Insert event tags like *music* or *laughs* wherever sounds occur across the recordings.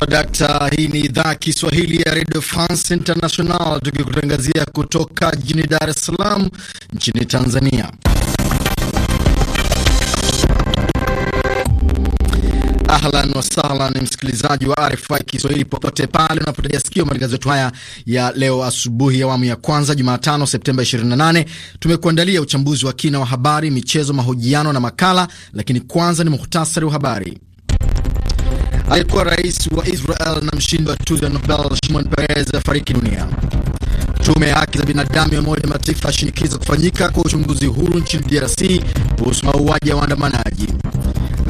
dakta, Hii ni idhaa ya Kiswahili ya Radio France International, tukikutangazia kutoka jijini Dar es Salaam nchini Tanzania. Ahlan wasahlan, msikilizaji wa RFI Kiswahili popote pale unapotegea sikio matangazo yetu haya ya leo asubuhi, awamu ya, ya kwanza Jumatano Septemba 28. Tumekuandalia uchambuzi wa kina wa habari, michezo, mahojiano na makala, lakini kwanza ni muhtasari wa habari. Alikuwa rais wa Israel na mshindi wa tuzo ya Nobel Shimon Peres afariki dunia. Tume ya haki za binadamu ya Umoja Mataifa ashinikiza kufanyika kwa uchunguzi huru nchini DRC kuhusu mauaji ya waandamanaji.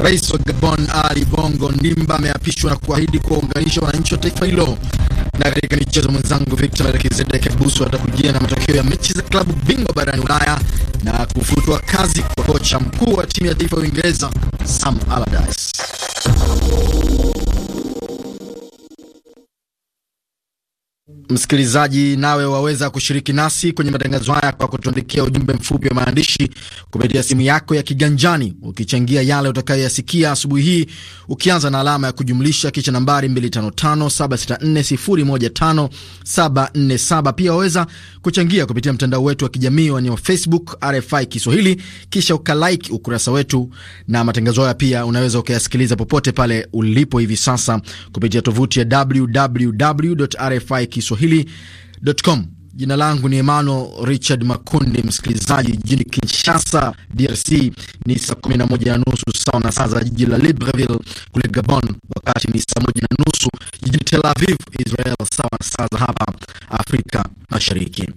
Rais wa Gabon Ali Bongo Ndimba ameapishwa na kuahidi kuwaunganisha wananchi wa taifa hilo. Na katika michezo, mwenzangu Victor Melkizedek Abuso atakujia na matokeo ya mechi za klabu bingwa barani Ulaya na kufutwa kazi kwa kocha mkuu wa timu ya taifa ya Uingereza Sam Allardyce. Msikilizaji, nawe waweza kushiriki nasi kwenye matangazo haya kwa kutuandikia ujumbe mfupi wa maandishi kupitia simu yako ya kiganjani, ukichangia yale utakayoyasikia asubuhi hii, ukianza na alama ya kujumlisha kisha nambari 255764015747. Pia waweza kuchangia kupitia mtandao wetu wa kijamii yaani wa Facebook RFI Kiswahili, kisha ukalike ukurasa wetu, na matangazo haya pia unaweza ukayasikiliza popote pale ulipo hivi sasa kupitia tovuti ya www.rfi Swahili.com. Jina langu ni Emmanuel Richard Makundi, msikilizaji jijini Kinshasa, DRC. Ni saa 11 na nusu sawa na saa za jiji la Libreville kule Gabon, wakati ni saa moja na nusu jijini Tel Aviv, Israel, sawa na saa za hapa Afrika Mashariki.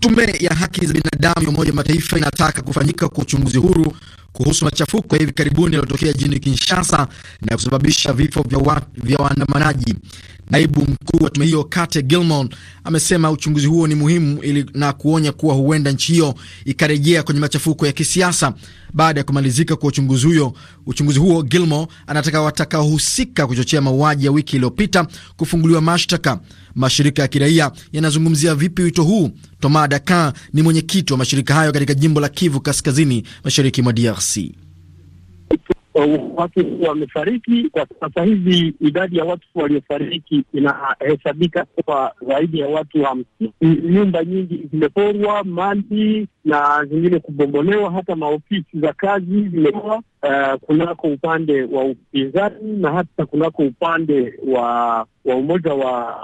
Tume ya haki za binadamu ya Umoja Mataifa inataka kufanyika kwa uchunguzi huru kuhusu machafuko ya hivi karibuni yaliyotokea jijini Kinshasa na kusababisha vifo vya waandamanaji. Naibu mkuu wa tume hiyo Kate Gilmon amesema uchunguzi huo ni muhimu ili na kuonya kuwa huenda nchi hiyo ikarejea kwenye machafuko ya kisiasa baada ya kumalizika kwa uchunguzi huyo. Uchunguzi huo, Gilmore anataka watakaohusika kuchochea mauaji ya wiki iliyopita kufunguliwa mashtaka. Mashirika ya kiraia yanazungumzia vipi wito huu? Toma Daka ni mwenyekiti wa mashirika hayo katika jimbo la Kivu Kaskazini, mashariki mwa DRC uh, watu wamefariki. Kwa sasa hivi idadi ya watu waliofariki inahesabika kwa zaidi ya watu hamsini. Nyumba nyingi zimeporwa, mali na zingine kubombolewa hata maofisi za kazi zimekuwa uh, eh, kunako upande wa upinzani na hata kunako upande wa wa umoja wa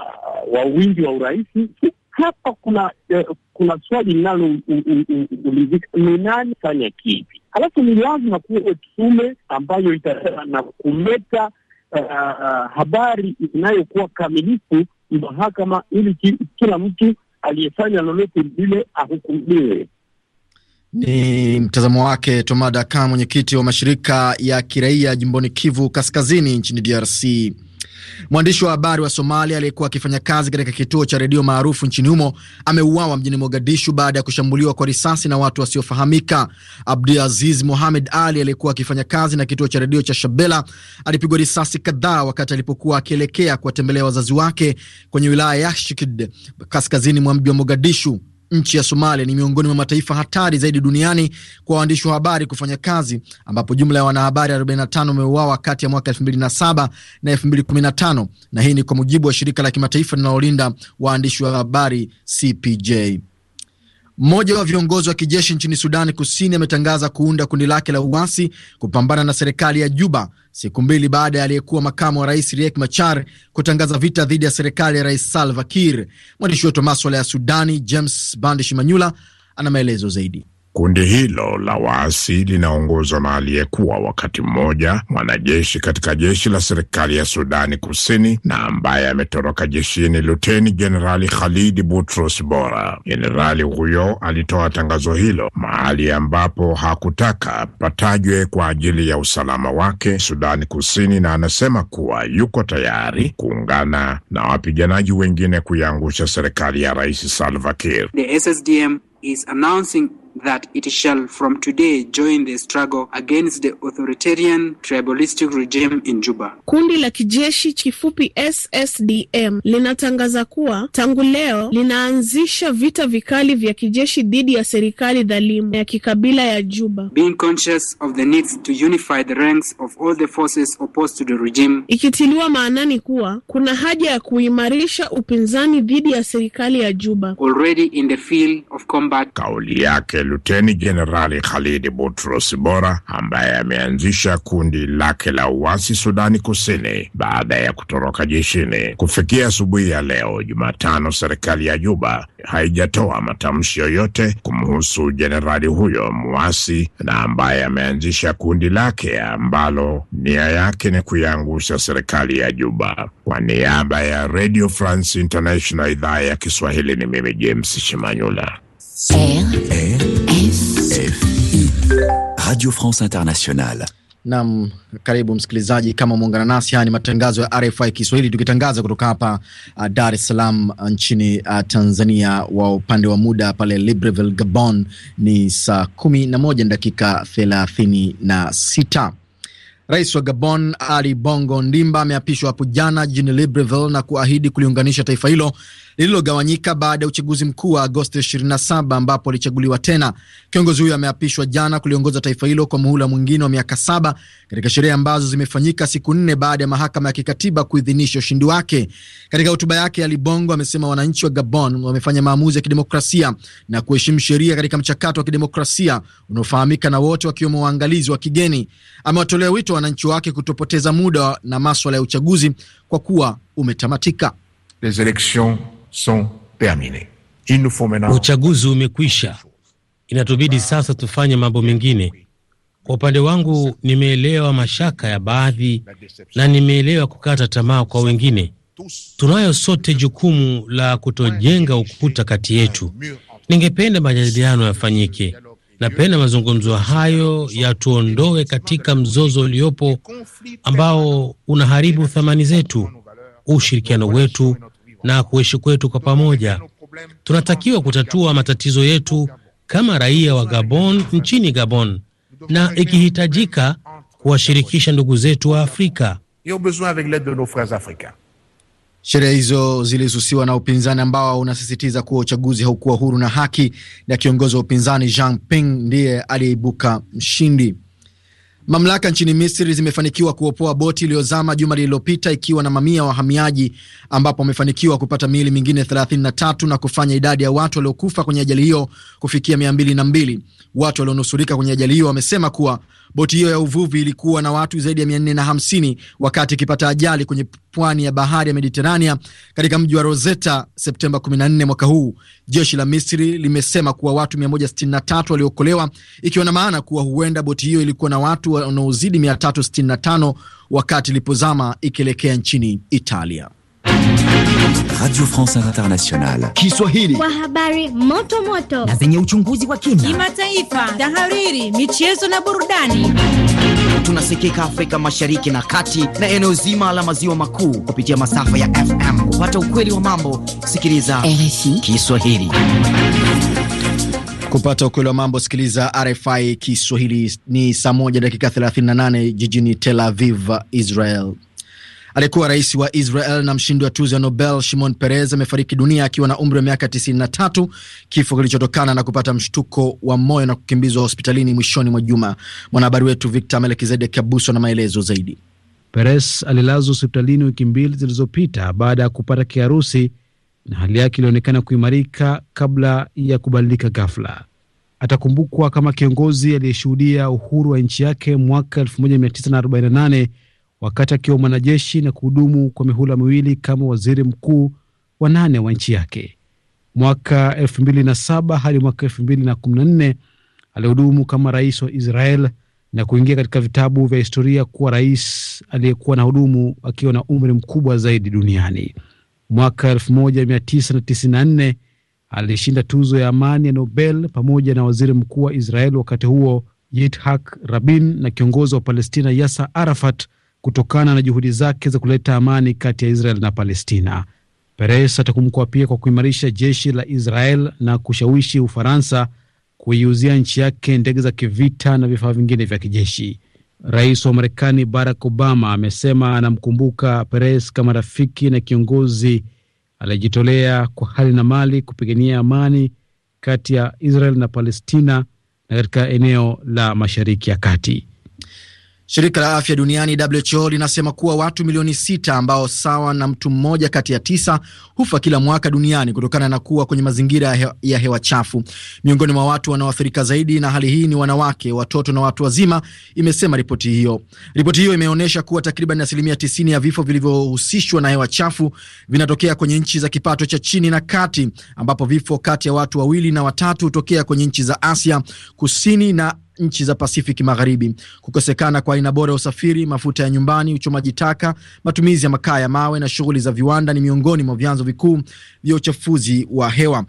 wa wingi wa urahisi Hapa kuna uh, kuna swali linaloulizika ni nani fanya kipi? Halafu ni lazima kuwe tume ambayo itaa na kuleta uh, habari inayokuwa kamilifu mahakama, ili kila mtu aliyefanya lolote lile ahukumiwe. Ni mtazamo wake Tomada Ka, mwenyekiti wa mashirika ya kiraia jimboni Kivu Kaskazini nchini DRC. Mwandishi wa habari wa Somalia aliyekuwa akifanya kazi katika kituo cha redio maarufu nchini humo ameuawa mjini Mogadishu baada ya kushambuliwa kwa risasi na watu wasiofahamika. Abdul Aziz Mohamed Ali aliyekuwa akifanya kazi na kituo cha redio cha Shabela alipigwa risasi kadhaa wakati alipokuwa akielekea kuwatembelea wazazi wake kwenye wilaya ya Shikid kaskazini mwa mji wa Mogadishu. Nchi ya Somalia ni miongoni mwa mataifa hatari zaidi duniani kwa waandishi wa habari kufanya kazi, ambapo jumla ya wanahabari 45 wameuawa kati ya mwaka 2007 na 2015, na hii ni kwa mujibu wa shirika la kimataifa linalolinda waandishi wa habari CPJ. Mmoja wa viongozi wa kijeshi nchini Sudani Kusini ametangaza kuunda kundi lake la uasi kupambana na serikali ya Juba siku mbili baada ya aliyekuwa makamu wa rais Riek Machar kutangaza vita dhidi ya serikali ya rais Salva Kiir. Mwandishi wetu wa maswala ya Sudani James Bandish Manyula ana maelezo zaidi. Kundi hilo la waasi linaongozwa na aliyekuwa wakati mmoja mwanajeshi katika jeshi la serikali ya Sudani Kusini na ambaye ametoroka jeshini, Luteni Jenerali khalidi butros Bora. Jenerali huyo alitoa tangazo hilo mahali ambapo hakutaka patajwe kwa ajili ya usalama wake Sudani Kusini, na anasema kuwa yuko tayari kuungana na wapiganaji wengine kuiangusha serikali ya Rais Salva Kiir. The SSDM is announcing that it shall from today join the struggle against the authoritarian tribalistic regime in Juba. Kundi la kijeshi kifupi SSDM linatangaza kuwa tangu leo linaanzisha vita vikali vya kijeshi dhidi ya serikali dhalimu ya kikabila ya Juba. Being conscious of the needs to unify the ranks of all the forces opposed to the regime. Ikitiliwa maanani kuwa kuna haja ya kuimarisha upinzani dhidi ya serikali ya Juba. Already in the field of combat. Kauli yake Luteni Jenerali Khalid Boutros Bora ambaye ameanzisha kundi lake la uasi Sudani Kusini baada ya kutoroka jeshini. Kufikia asubuhi ya leo Jumatano, serikali ya Juba haijatoa matamshi yoyote kumhusu jenerali huyo muasi na ambaye ameanzisha kundi lake ambalo nia yake ni kuiangusha serikali ya Juba. Kwa niaba ya Radio France International idhaa ya Kiswahili, ni mimi James Shimanyula. Eh? Eh? Radio France Internationale. Nam, karibu msikilizaji, kama muungana nasi, haya ni matangazo ya RFI Kiswahili tukitangaza kutoka hapa uh, Dar es Salaam uh, nchini uh, Tanzania. Wa upande wa muda pale Libreville, Gabon ni saa kumi na moja na dakika thelathini na sita. Rais wa Gabon Ali Bongo Ndimba ameapishwa hapo jana jijini Libreville na kuahidi kuliunganisha taifa hilo lililogawanyika baada ya uchaguzi mkuu wa Agosti 27 ambapo alichaguliwa tena. Kiongozi huyo ameapishwa jana kuliongoza taifa hilo kwa muhula mwingine wa miaka saba katika sherehe ambazo zimefanyika siku nne baada ya mahakama ya kikatiba kuidhinisha ushindi wake. Katika hotuba yake, Ali Bongo amesema wananchi wa Gabon wamefanya maamuzi ya kidemokrasia na kuheshimu sheria katika mchakato wa kidemokrasia unaofahamika na wote, wakiwemo waangalizi wa kigeni. Amewatolea wito wananchi wake kutopoteza muda na maswala ya uchaguzi kwa kuwa umetamatika. Les elections Uchaguzi umekwisha, inatubidi ah. sasa tufanye mambo mengine. Kwa upande wangu, nimeelewa mashaka ya baadhi na nimeelewa kukata tamaa kwa wengine. Tunayo sote jukumu la kutojenga ukuta kati yetu. Ningependa majadiliano yafanyike, napenda mazungumzo hayo yatuondoe katika mzozo uliopo ambao unaharibu thamani zetu, ushirikiano wetu na kuishi kwetu kwa pamoja. Tunatakiwa kutatua matatizo yetu kama raia wa Gabon nchini Gabon, na ikihitajika kuwashirikisha ndugu zetu wa Afrika. Sherehe hizo zilisusiwa na upinzani ambao unasisitiza kuwa uchaguzi haukuwa huru na haki, na kiongozi wa upinzani Jean Ping ndiye aliyeibuka mshindi. Mamlaka nchini Misri zimefanikiwa kuopoa boti iliyozama juma lililopita ikiwa na mamia wahamiaji, ambapo wamefanikiwa kupata miili mingine 33 na kufanya idadi ya watu waliokufa kwenye ajali hiyo kufikia 202. Watu walionusurika kwenye ajali hiyo wamesema kuwa Boti hiyo ya uvuvi ilikuwa na watu zaidi ya 450 wakati ikipata ajali kwenye pwani ya bahari ya Mediterania katika mji wa Rosetta Septemba 14 mwaka huu. Jeshi la Misri limesema kuwa watu 163 waliokolewa, ikiwa na maana kuwa huenda boti hiyo ilikuwa na watu wanaozidi 365 wakati ilipozama ikielekea nchini Italia. Radio France Internationale. Kiswahili. Kwa habari moto moto na zenye uchunguzi wa kina, kimataifa, tahariri, michezo na burudani. Tunasikika Afrika Mashariki na Kati na eneo zima la maziwa makuu kupitia masafa ya FM. Kupata ukweli wa mambo, sikiliza RFI Kiswahili. Kupata ukweli wa mambo, sikiliza RFI Kiswahili. Ni saa moja dakika 38 jijini Tel Aviv, Israel. Aliyekuwa rais wa Israel na mshindi wa tuzo ya Nobel Shimon Peres amefariki dunia akiwa na umri wa miaka 93, kifo kilichotokana na kupata mshtuko wa moyo na kukimbizwa hospitalini mwishoni mwa juma. Mwanahabari wetu Victor Melkizedek Abuso na maelezo zaidi. Peres alilazwa hospitalini wiki mbili zilizopita baada ya kupata kiharusi na hali yake ilionekana kuimarika kabla ya kubadilika ghafla. Atakumbukwa kama kiongozi aliyeshuhudia uhuru wa nchi yake mwaka 1948 wakati akiwa mwanajeshi na kuhudumu kwa mihula miwili kama waziri mkuu wa nane wa nchi yake. Mwaka 2007 hadi mwaka 2014 alihudumu kama rais wa Israel na kuingia katika vitabu vya historia kuwa rais aliyekuwa na hudumu akiwa na umri mkubwa zaidi duniani. Mwaka 1994 alishinda tuzo ya amani ya Nobel pamoja na waziri mkuu wa Israel wakati huo Yitzhak Rabin na kiongozi wa Palestina Yasser Arafat kutokana na juhudi zake za kuleta amani kati ya Israel na Palestina. Peres atakumbukwa pia kwa kuimarisha jeshi la Israel na kushawishi Ufaransa kuiuzia nchi yake ndege za kivita na vifaa vingine vya kijeshi. Rais wa Marekani Barack Obama amesema anamkumbuka Peres kama rafiki na kiongozi aliyejitolea kwa hali na mali kupigania amani kati ya Israel na Palestina na katika eneo la Mashariki ya Kati. Shirika la afya duniani WHO linasema kuwa watu milioni sita ambao sawa na mtu mmoja kati ya tisa hufa kila mwaka duniani kutokana na kuwa kwenye mazingira ya hewa, chafu. Miongoni mwa watu wanaoathirika zaidi na hali hii ni wanawake, watoto na watu wazima, imesema ripoti hiyo. Ripoti hiyo imeonyesha kuwa takriban asilimia tisini ya vifo vilivyohusishwa na hewa chafu vinatokea kwenye nchi za kipato cha chini na kati, ambapo vifo kati ya watu wawili na watatu hutokea kwenye nchi za Asia kusini na nchi za Pacific Magharibi, kukosekana kwa aina bora ya usafiri, mafuta ya nyumbani, uchomaji taka, matumizi ya makaa ya mawe na shughuli za viwanda ni miongoni mwa vyanzo vikuu vya uchafuzi wa hewa.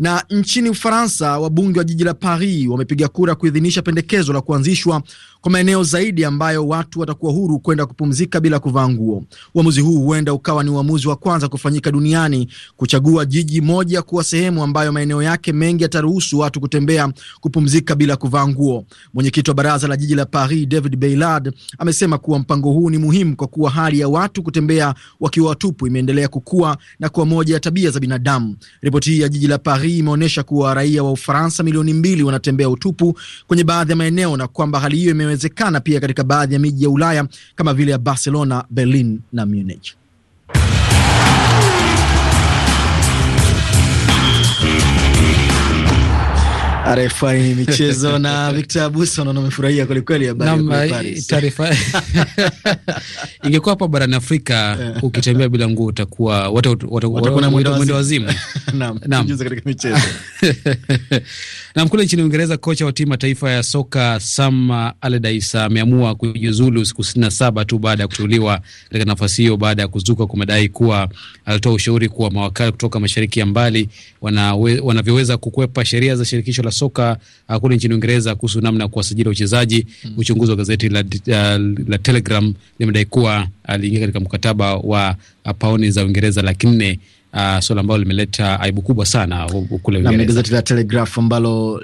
Na nchini Ufaransa, wabunge wa jiji la Paris wamepiga kura kuidhinisha pendekezo la kuanzishwa kwa maeneo zaidi ambayo watu watakuwa huru kwenda kupumzika bila kuvaa nguo. Uamuzi huu huenda ukawa ni uamuzi wa kwanza kufanyika duniani kuchagua jiji moja kuwa sehemu ambayo maeneo yake mengi yataruhusu watu kutembea, kupumzika bila kuvaa nguo. Mwenyekiti wa baraza la jiji la Paris, David Beilard, amesema kuwa mpango huu ni muhimu kwa kuwa hali ya watu kutembea wakiwa watupu imeendelea kukua na kuwa moja ya tabia za binadamu. Ripoti hii ya jiji la Paris hii imeonyesha kuwa raia wa Ufaransa milioni mbili wanatembea utupu kwenye baadhi ya maeneo na kwamba hali hiyo imewezekana pia katika baadhi ya miji ya Ulaya kama vile ya Barcelona, Berlin na Munich. RFI michezo *laughs* na Victor Abuso, naona umefurahia kwelikweli taarifa. *laughs* Ingekuwa hapa barani Afrika eh. ukitembea bila nguo utakuwa watakuwa mwendo wazimu. *laughs* Nam, kule nchini Uingereza, kocha wa timu ya taifa ya soka Sam Allardyce ameamua kujiuzulu siku sitini na saba tu baada ya kuteuliwa katika nafasi hiyo baada ya kuzuka kwa madai kuwa alitoa ushauri kuwa mawakala kutoka mashariki ya mbali wanavyoweza wana kukwepa sheria za shirikisho la soka uh, kule nchini Uingereza kuhusu namna ya kuwasajili wachezaji mm. Uchunguzi wa gazeti la, uh, la Telegram limedai kuwa aliingia katika mkataba wa uh, paoni za Uingereza laki nne uh, suala ambalo limeleta aibu kubwa sana kule Uingereza. Gazeti la Telegraph ambalo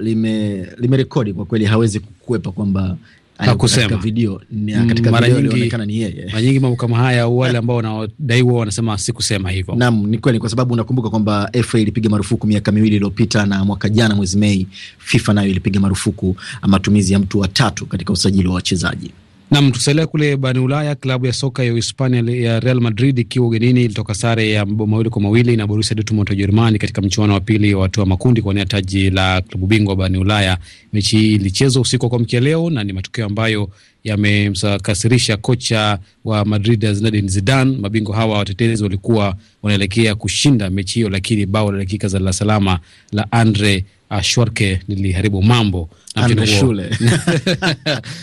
limerekodi lime kwa kweli hawezi kukwepa kwamba hakusema video, mm, katika mara nyingi ni yeye. Mara nyingi mambo kama haya wale ambao wanadaiwa wanasema sikusema hivyo. Naam, ni kweli, kwa sababu unakumbuka kwamba FA ilipiga marufuku miaka miwili iliyopita na mwaka jana mwezi Mei FIFA nayo ilipiga marufuku matumizi ya mtu wa tatu katika usajili wa wachezaji. Nam, tukisalia kule barani Ulaya, klabu ya soka ya Uhispania ya Real Madrid ikiwa ugenini ilitoka sare ya mabao mawili kwa mawili na Borusia Dortmund ya Ujerumani katika mchuano wa pili wa hatua makundi kuwania taji la klabu bingwa barani Ulaya. Mechi hii ilichezwa usiku wa kuamkia leo na ni matokeo ambayo yamemkasirisha kocha wa Madrid Zinedine Zidane. Mabingwa hawa watetezi walikuwa wanaelekea kushinda mechi hiyo, lakini bao la dakika za lasalama la Andre uh, ah, Shwarke niliharibu mambo na shule *laughs*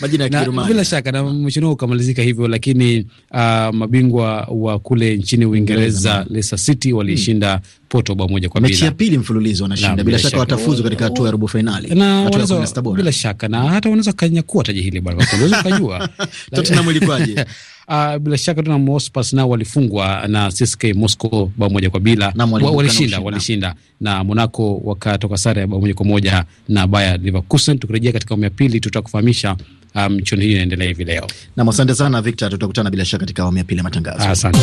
majina ya bila shaka, na mchuano huo ukamalizika hivyo, lakini uh, mabingwa wa kule nchini Uingereza Leicester City walishinda hmm, Porto bao moja kwa bila. Mechi ya pili mfululizo wanashinda bila, shaka watafuzu katika hatua ya robo finali na wanaweza bila shaka, na hata wanaweza kanyakuwa taji hili bwana, kwa kujua *laughs* Tottenham ilikuwaje *laughs* uh, bila shaka tuna mospas nao walifungwa na CSK Moscow bao moja kwa bila walishinda walishinda na Monaco wakatoka sare ya bao moja kwa moja na Bayer Leverkusen. Tukirejea katika awamu ya pili tutakufahamisha ah, michuano um, hii inaendelea hivi leo. Nam, asante sana Victor, tutakutana bila shaka katika awamu ya pili ya matangazo. Asante.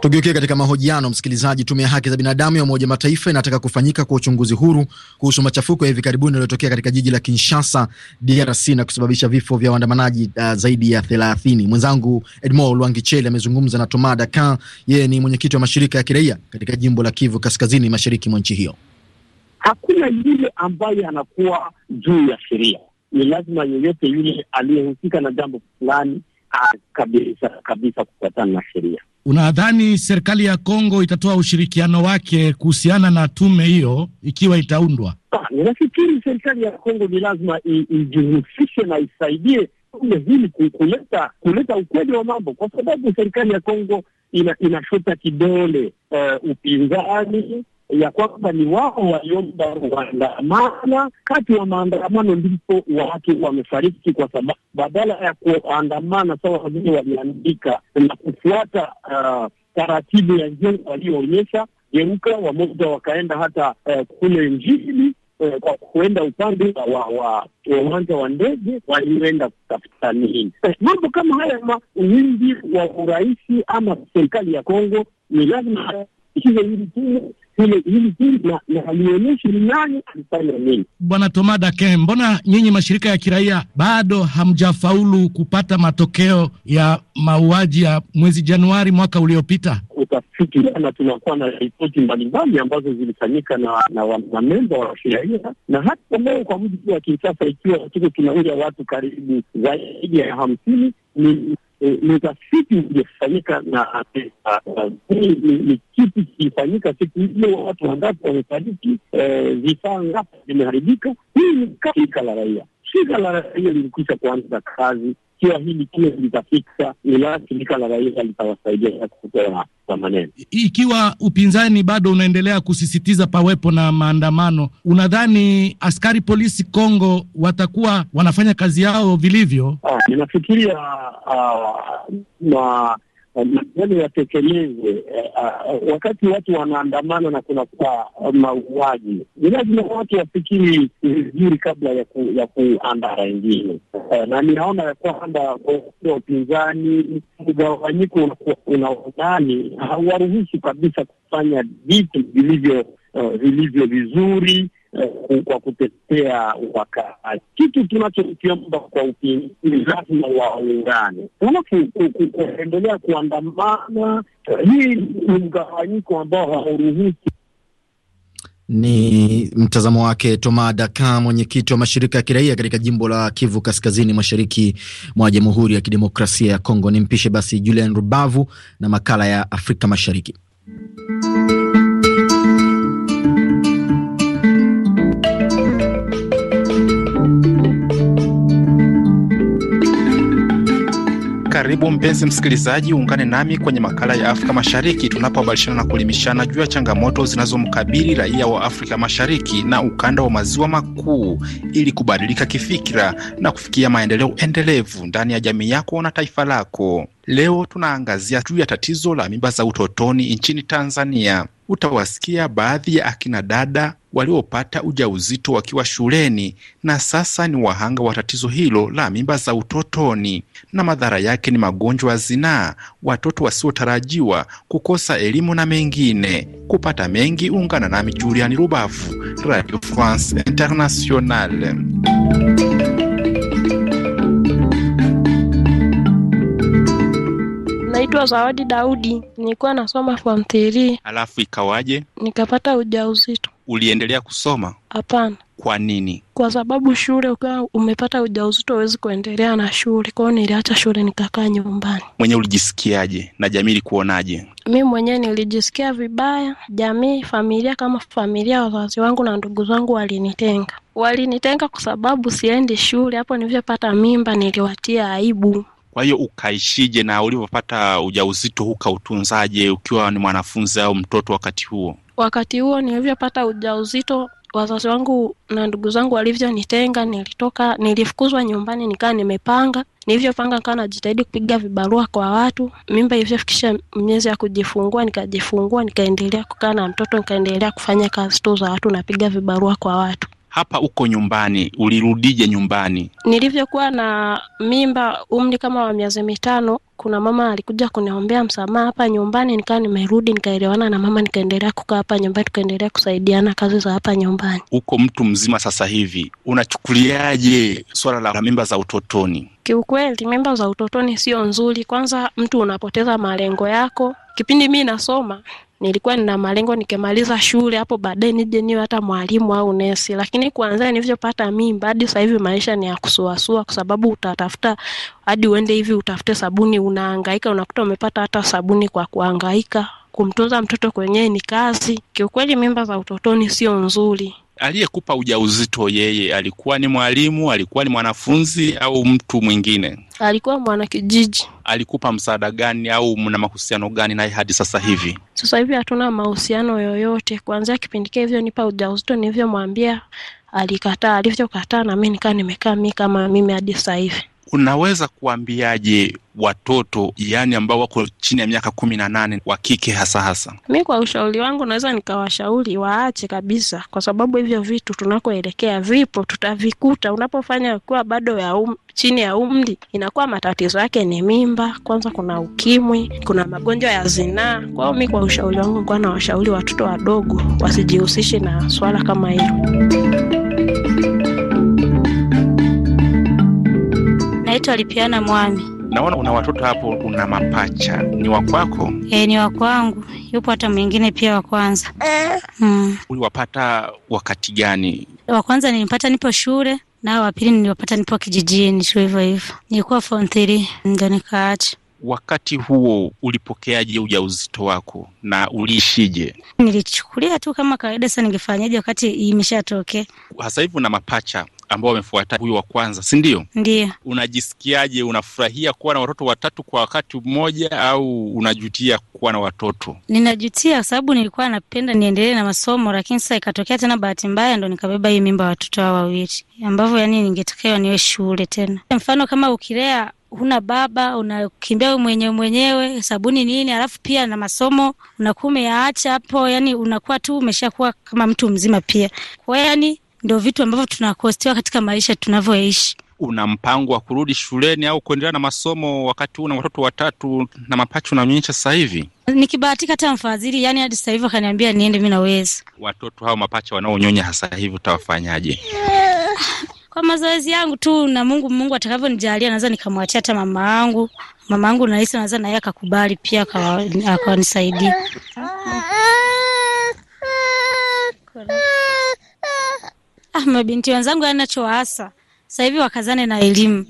Tugeukie katika mahojiano, msikilizaji. Tume ya haki za binadamu ya Umoja Mataifa inataka kufanyika kwa uchunguzi huru kuhusu machafuko ya hivi karibuni yaliyotokea katika jiji la Kinshasa, DRC, na kusababisha vifo vya waandamanaji uh, zaidi ya thelathini. Mwenzangu Edmond Lwangicheli amezungumza na Tomas Dakan, yeye ni mwenyekiti wa mashirika ya kiraia katika jimbo la Kivu Kaskazini, mashariki mwa nchi hiyo. Hakuna yule ambaye anakuwa juu ya sheria, ni lazima yeyote yule aliyehusika na jambo fulani akabisa ah, kabisa kufuatana na sheria. Unadhani serikali ya Kongo itatoa ushirikiano wake kuhusiana na tume hiyo ikiwa itaundwa? Ah, ninafikiri serikali ya Kongo ni lazima ijihusishe na isaidie tume hili kuleta kuleta ukweli wa mambo, kwa sababu serikali ya Kongo ina, inashota kidole uh, upinzani ya kwamba ni wao waliomba waandamana. Kati ya maandamano ndipo watu wamefariki, kwa sababu badala ya kuandamana sawa vile waliandika na kufuata uh, taratibu ya jengo walioonyesha geuka, wamoja wakaenda hata uh, kule Njili uh, kwa kuenda upande wa wa uwanja wa ndege walioenda kutafuta nini. Eh, mambo kama haya, ma wingi wa urahisi ama serikali ya Kongo ni lazima hizo hili tumu hili na ni nani alifanya nini. Bwana Tomada Daken, mbona nyinyi mashirika ya kiraia bado hamjafaulu kupata matokeo ya mauaji ya mwezi Januari mwaka uliopita? Utafiti ana tunakuwa na ripoti mbalimbali ambazo zilifanyika na na wa kiraia, na hata leo kwa mujibu wa Kinshasa, ikiwa tuko tunaunga watu karibu zaidi ya hamsini ni Eh, ni utafiti uliofanyika na ah, ah, ni kipi kilifanyika siku hiyo, watu wangapi wamefariki, eh, vifaa ngapi vimeharibika. Hii ni shirika la raia, shirika la raia lilikwisha kuanza kazi ikiwa hili pia litafika, ila shirika la raia litawasaidia kwa maneno. Ikiwa upinzani bado unaendelea kusisitiza pawepo na maandamano, unadhani askari polisi Kongo watakuwa wanafanya kazi yao vilivyo? Ah, ninafikiria ah, na nadhani watekelezwe. Eh, ah, wakati watu wanaandamana na kunakuwa ah, mauaji, ni lazima watu wafikiri vizuri kabla ya ku, ya kuanda rengine eh, na ninaona ya kwamba wa upinzani, mgawanyiko unaonani hauwaruhusu kabisa kufanya vitu vilivyo eh, vilivyo vizuri Eh, kwa kutetea wakazi. kitu kinachokiomba kwa upinzani, lazima waungane kama kuendelea kuandamana. Hii ni mgawanyiko ambao hauruhusi. Ni mtazamo wake Toma Daka, mwenyekiti wa mashirika ya kiraia katika jimbo la Kivu Kaskazini, mashariki mwa Jamhuri ya Kidemokrasia ya Kongo. Ni mpishe basi Julian Rubavu na makala ya Afrika Mashariki. Karibu mpenzi msikilizaji, uungane nami kwenye makala ya Afrika Mashariki tunapobadilishana na kuelimishana juu ya changamoto zinazomkabili raia wa Afrika Mashariki na ukanda wa maziwa makuu ili kubadilika kifikira na kufikia maendeleo endelevu ndani ya jamii yako na taifa lako. Leo tunaangazia juu ya tatizo la mimba za utotoni nchini Tanzania utawasikia baadhi ya akina dada waliopata ujauzito wakiwa shuleni na sasa ni wahanga wa tatizo hilo la mimba za utotoni, na madhara yake ni magonjwa ya zinaa, watoto wasiotarajiwa, kukosa elimu na mengine. Kupata mengi, ungana nami Juliani Rubavu, Radio France Internationale. Naitwa Zawadi Daudi, nilikuwa nasoma form 3. Alafu ikawaje? Nikapata ujauzito. Uliendelea kusoma? Hapana. Kwa nini? Kwa sababu shule, ukiwa umepata ujauzito huwezi kuendelea na shule. Kwa hiyo niliacha shule nikakaa nyumbani. Mwenyewe ulijisikiaje na jamii ilikuonaje? Mi mwenyewe nilijisikia vibaya. Jamii, familia, kama familia, wazazi wangu na ndugu zangu walinitenga. Walinitenga kwa sababu siendi shule. Hapo nilivyopata mimba niliwatia aibu. Kwa hiyo ukaishije na ulivyopata ujauzito ukautunzaje ukiwa ni mwanafunzi au mtoto wakati huo? Wakati huo nilivyopata ujauzito wazazi wangu na ndugu zangu walivyonitenga, nilitoka, nilifukuzwa nyumbani, nikaa nimepanga. Nilivyopanga nikawa najitahidi kupiga vibarua kwa watu. Mimba ilivyofikisha miezi ya kujifungua, nikajifungua, nikaendelea kukaa na mtoto, nikaendelea kufanya kazi tu za watu, napiga vibarua kwa watu hapa uko nyumbani, ulirudije nyumbani? Nilivyokuwa na mimba umri kama wa miezi mitano, kuna mama alikuja kuniombea msamaha hapa nyumbani, nikawa nimerudi, nikaelewana na mama, nikaendelea kukaa hapa nyumbani, tukaendelea kusaidiana kazi za hapa nyumbani. Uko mtu mzima sasa hivi, unachukuliaje swala la mimba za utotoni? Kiukweli, mimba za utotoni sio nzuri. Kwanza mtu unapoteza malengo yako. Kipindi mi nasoma nilikuwa nina malengo nikimaliza shule hapo baadaye nije niwe hata mwalimu au nesi, lakini kuanzia nilivyopata mimba hadi sasa hivi maisha ni ya kusuasua, kwa sababu utatafuta hadi uende hivi utafute sabuni, unaangaika unakuta umepata hata sabuni kwa kuangaika Kumtunza mtoto kwenyewe ni kazi. Kiukweli, mimba za utotoni sio nzuri aliyekupa ujauzito yeye alikuwa ni mwalimu, alikuwa ni mwanafunzi au mtu mwingine? Alikuwa mwanakijiji. Alikupa msaada gani au mna mahusiano gani naye hadi sasa hivi? Sasa hivi hatuna mahusiano yoyote. Kuanzia kipindi kile hivyonipa ujauzito, nilivyomwambia alikataa, alivyokataa na mi nikaa nimekaa mi kama mimi hadi sasa hivi unaweza kuambiaje watoto yaani ambao wako chini ya miaka kumi na nane wa kike hasa hasa? Mi kwa ushauri wangu naweza nikawashauri waache kabisa, kwa sababu hivyo vitu tunakoelekea vipo, tutavikuta unapofanya ukiwa bado ya um, chini ya umri, inakuwa matatizo yake ni mimba. Kwanza kuna ukimwi, kuna magonjwa ya zinaa. Kwao mi kwa ushauri wangu, kwa na washauri watoto wadogo wasijihusishe na swala kama hilo. Naitwa Lipiana Mwami. Naona una watoto hapo, una mapacha, ni wa kwako? E, ni wa kwangu. Yupo hata mwingine pia wa kwanza. eh. Mm. Uliwapata wakati gani? Wa kwanza nilipata nipo shule na wa pili niliwapata nipo kijijini tu hivyo hivyo, nilikuwa form 3 ndio nikaacha. Wakati huo ulipokeaje ujauzito wako na uliishije? Nilichukulia tu kama kawaida, sasa ningefanyaje wakati imeshatokea? Sasa hivi una mapacha ambao wamefuata huyu wa kwanza, si ndio? Ndio. Unajisikiaje? Unafurahia kuwa na watoto watatu kwa wakati mmoja au unajutia kuwa na watoto? Ninajutia kwa sababu nilikuwa napenda niendelee na masomo, lakini sasa ikatokea tena bahati mbaya ndo nikabeba hii mimba watoto hao wawili, ambavyo yani ningetakiwa niwe shule tena. Mfano kama ukilea huna baba, unakimbia mwenyewe mwenyewe, sabuni nini, alafu pia na masomo unakuwa umeyaacha hapo, yani unakuwa tu umeshakuwa kama mtu mzima pia. Kwa hiyo yani ndo vitu ambavyo tunakostiwa katika maisha tunavyoishi. Una mpango wa kurudi shuleni au kuendelea na masomo wakati huu na watoto watatu na mapacha unamnyonyesha sasa hivi? Nikibahatika hata mfadhili, yani hadi sasa hivi akaniambia niende, mi naweza. Watoto hao mapacha wanaonyonya sasa hivi utawafanyaje? Kwa mazoezi yangu tu na Mungu, Mungu atakavyonijalia naweza nikamwachia hata mama yangu. Mama yangu nahisi naweza naye akakubali pia akawanisaidia Ah, mabinti wenzangu, anachoasa sasa hivi wakazane na elimu,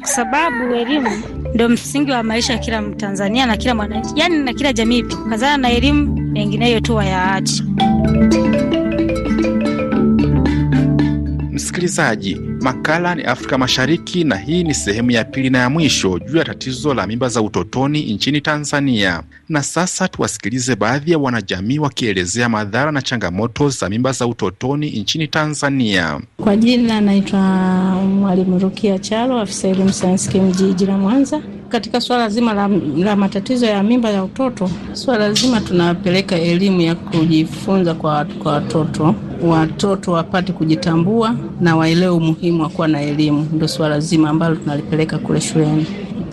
kwa sababu elimu ndio msingi wa maisha ya kila Mtanzania na kila mwananchi, yaani na kila jamii. Kazana na elimu, mengineyo tu wayaache. Msikilizaji, makala ni Afrika Mashariki na hii ni sehemu ya pili na ya mwisho juu ya tatizo la mimba za utotoni nchini Tanzania. Na sasa tuwasikilize baadhi ya wanajamii wakielezea madhara na changamoto za mimba za utotoni nchini Tanzania. Kwa jina naitwa Mwalimu Rukia Chalo, afisa elimu sayansi kimjiji la Mwanza. Katika swala zima la, la matatizo ya mimba ya utoto, swala zima tunapeleka elimu ya kujifunza kwa, kwa watoto watoto wapate kujitambua na waelewe umuhimu wa kuwa na elimu, ndio swala zima ambalo tunalipeleka kule shuleni.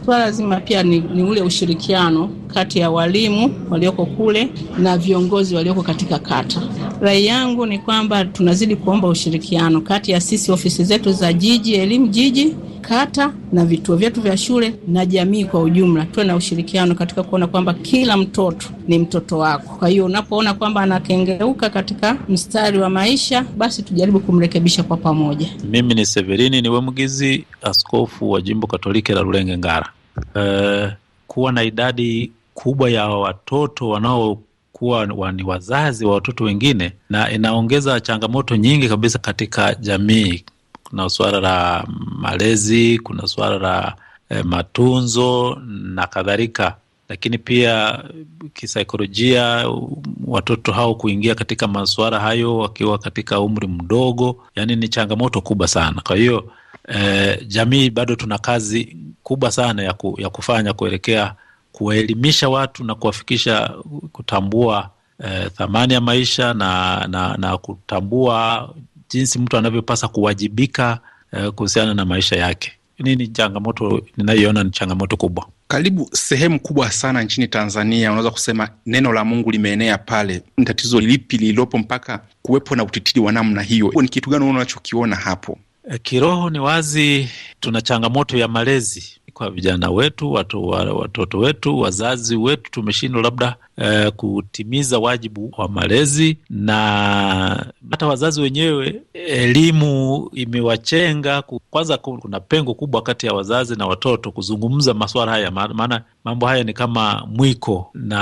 Swala zima pia ni, ni ule ushirikiano kati ya walimu walioko kule na viongozi walioko katika kata. Rai yangu ni kwamba tunazidi kuomba ushirikiano kati ya sisi ofisi zetu za jiji elimu jiji kata na vituo vyetu vya shule na jamii kwa ujumla, tuwe na ushirikiano katika kuona kwamba kila mtoto ni mtoto wako. Kwa hiyo unapoona kwamba anakengeuka katika mstari wa maisha, basi tujaribu kumrekebisha kwa pamoja. Mimi ni Severini ni Wemgizi, askofu wa jimbo Katoliki la Rulenge Ngara. Uh, kuwa na idadi kubwa ya watoto wanao kuwa ni wazazi wa watoto wengine na inaongeza changamoto nyingi kabisa katika jamii kuna suala la malezi, kuna suala la e, matunzo na kadhalika, lakini pia kisaikolojia, watoto hao kuingia katika masuala hayo wakiwa katika umri mdogo, yani ni changamoto kubwa sana. Kwa hiyo e, jamii bado tuna kazi kubwa sana ya, ku, ya kufanya kuelekea kuwaelimisha watu na kuwafikisha kutambua e, thamani ya maisha na, na, na kutambua jinsi mtu anavyopasa kuwajibika eh, kuhusiana na maisha yake. Hii ni changamoto ninayoona, ni changamoto kubwa. Karibu sehemu kubwa sana nchini Tanzania, unaweza kusema neno la Mungu limeenea pale. Ni tatizo lipi lililopo mpaka kuwepo na utitiri wa namna hiyo? Ni kitu gani unachokiona hapo? Eh, kiroho ni wazi, tuna changamoto ya malezi kwa vijana wetu, watu, watoto wetu, wazazi wetu tumeshindwa labda eh, kutimiza wajibu wa malezi, na hata wazazi wenyewe elimu imewachenga. Kwanza kuna pengo kubwa kati ya wazazi na watoto kuzungumza masuala haya, maana mambo haya ni kama mwiko, na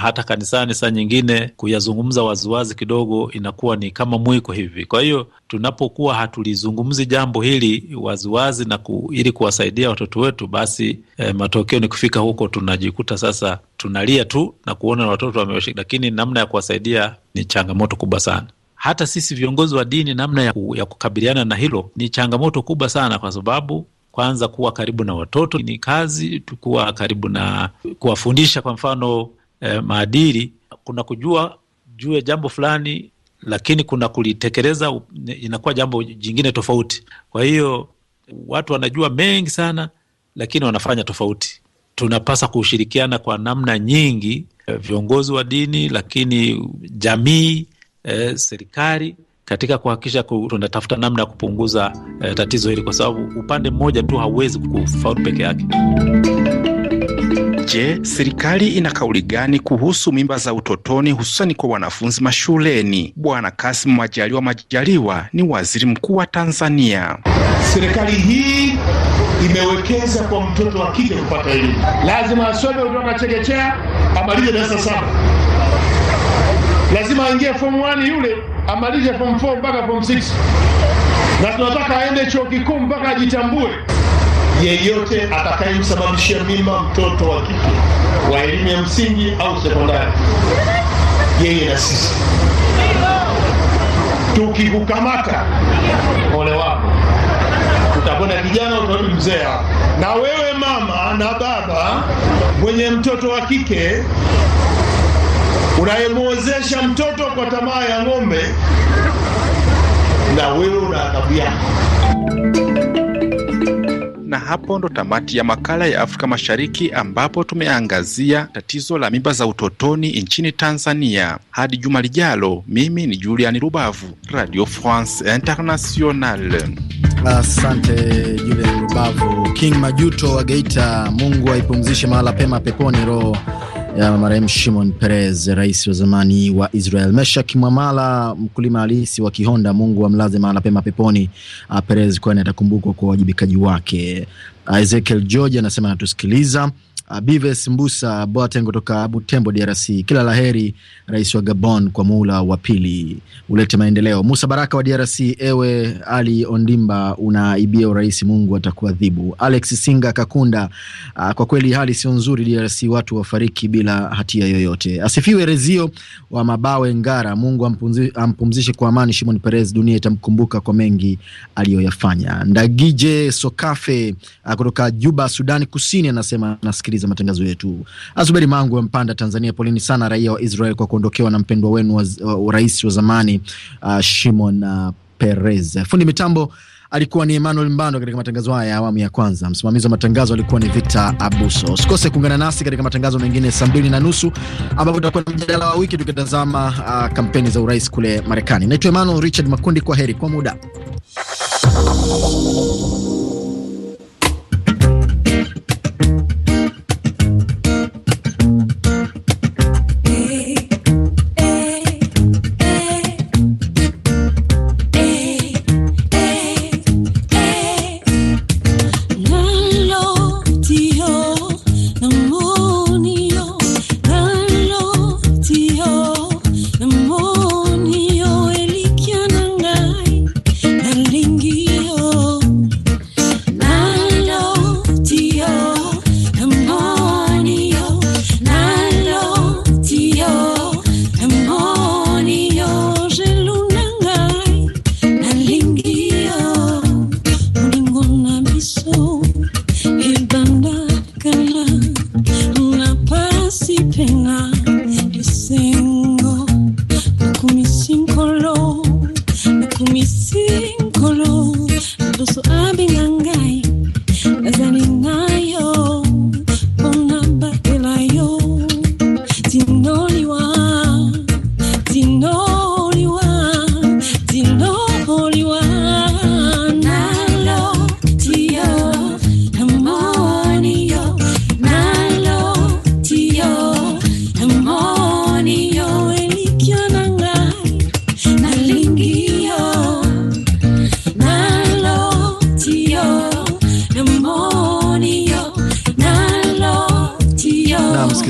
hata kanisani saa nyingine kuyazungumza waziwazi kidogo inakuwa ni kama mwiko hivi. Kwa hiyo tunapokuwa hatulizungumzi jambo hili waziwazi na ku, ili kuwasaidia watoto wetu, basi eh, matokeo ni kufika huko tunajikuta sasa tunalia tu na na kuona watoto wamewashika, lakini namna ya kuwasaidia ni changamoto kubwa sana. Hata sisi viongozi wa dini, namna ya, ku, ya kukabiliana na hilo ni changamoto kubwa sana, kwa sababu kwanza kuwa karibu na watoto ni kazi, kuwa karibu na kuwafundisha kwa mfano eh, maadili, kuna kujua juu ya jambo fulani, lakini kuna kulitekeleza inakuwa jambo jingine tofauti. Kwa hiyo watu wanajua mengi sana, lakini wanafanya tofauti. Tunapasa kushirikiana kwa namna nyingi Eh, viongozi wa dini, lakini jamii, e, serikali katika kuhakikisha tunatafuta namna ya kupunguza e, tatizo hili, kwa sababu upande mmoja tu hauwezi kufaulu peke yake. Je, serikali ina kauli gani kuhusu mimba za utotoni hususani kwa wanafunzi mashuleni? Bwana Kasim Majaliwa Majaliwa ni waziri mkuu wa Tanzania. Serikali hii imewekeza kwa mtoto wa kike kupata elimu, lazima asome kutoka chekechea amalize darasa saba, lazima aingie fomu 1 yule amalize fomu 4 mpaka fomu 6, na tunataka aende chuo kikuu mpaka ajitambue yeyote atakayemsababishia mimba mtoto wa kike wa elimu ya msingi au sekondari, yeye na sisi tukikukamata, ole wako. Utakwenda kijana, utarudi mzee. Na wewe mama na baba mwenye mtoto wa kike unayemwozesha mtoto kwa tamaa ya ng'ombe, na wewe una adhabu yako na hapo ndo tamati ya makala ya Afrika Mashariki ambapo tumeangazia tatizo la mimba za utotoni nchini Tanzania. Hadi juma lijalo, mimi ni Julian Rubavu, Radio France International. Asante Julian Rubavu. King Majuto wa Geita, Mungu aipumzishe mahala pema peponi roho ya marehemu Shimon Peres, rais wa zamani wa Israel. Meshak Mwamala, mkulima halisi wa Kihonda, Mungu amlaze mahala pema peponi ah, Peres, kwani atakumbukwa kwa uwajibikaji wake. Ezekiel George anasema anatusikiliza Uh, Bives Mbusa Boateng kutoka Butembo, DRC. Kila la heri rais wa Gabon kwa muhula wa pili, ulete maendeleo. Musa Baraka wa DRC, ewe Ali Ondimba unaibia urais, Mungu atakuadhibu. Alex Singa Kakunda, uh, kwa kweli hali sio nzuri DRC, watu wafariki bila hatia yoyote. Asifiwe Rezio wa Mabawe Ngara, Mungu ampumzishe kwa amani Shimon Perez, dunia itamkumbuka kwa mengi aliyoyafanya. Ndagije Sokafe uh, kutoka Juba, Sudani Kusini, anasema nasikiliza kusikiliza matangazo yetu. Azuberi Mangu Mpanda, Tanzania, poleni sana raia wa Israel kwa kuondokewa na mpendwa wenu wa, wa rais wa zamani uh, Shimon uh, Perez. Fundi mitambo alikuwa ni Emmanuel Mbando katika matangazo haya ya awamu ya kwanza. Msimamizi wa matangazo alikuwa ni Victor Abuso. Usikose kuungana nasi katika matangazo mengine saa mbili na nusu ambapo tutakuwa na mjadala wa wiki tukitazama uh, kampeni za urais kule Marekani. Naitwa Emmanuel Richard Makundi, kwa heri kwa muda.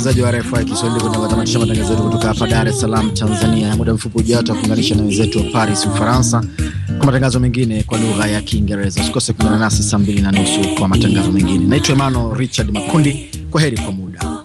msikilizaji wa RFI Kiswahili kunakotamatisha matangazo yetu kutoka hapa Dar es Salaam, Tanzania. Muda mfupi ujao tutakuunganisha na wenzetu wa Paris, Ufaransa, kwa matangazo mengine kwa lugha ya Kiingereza. Usikose kuungana nasi saa mbili na nusu kwa matangazo mengine. Naitwa Emmanuel Richard Makundi, kwa heri kwa muda.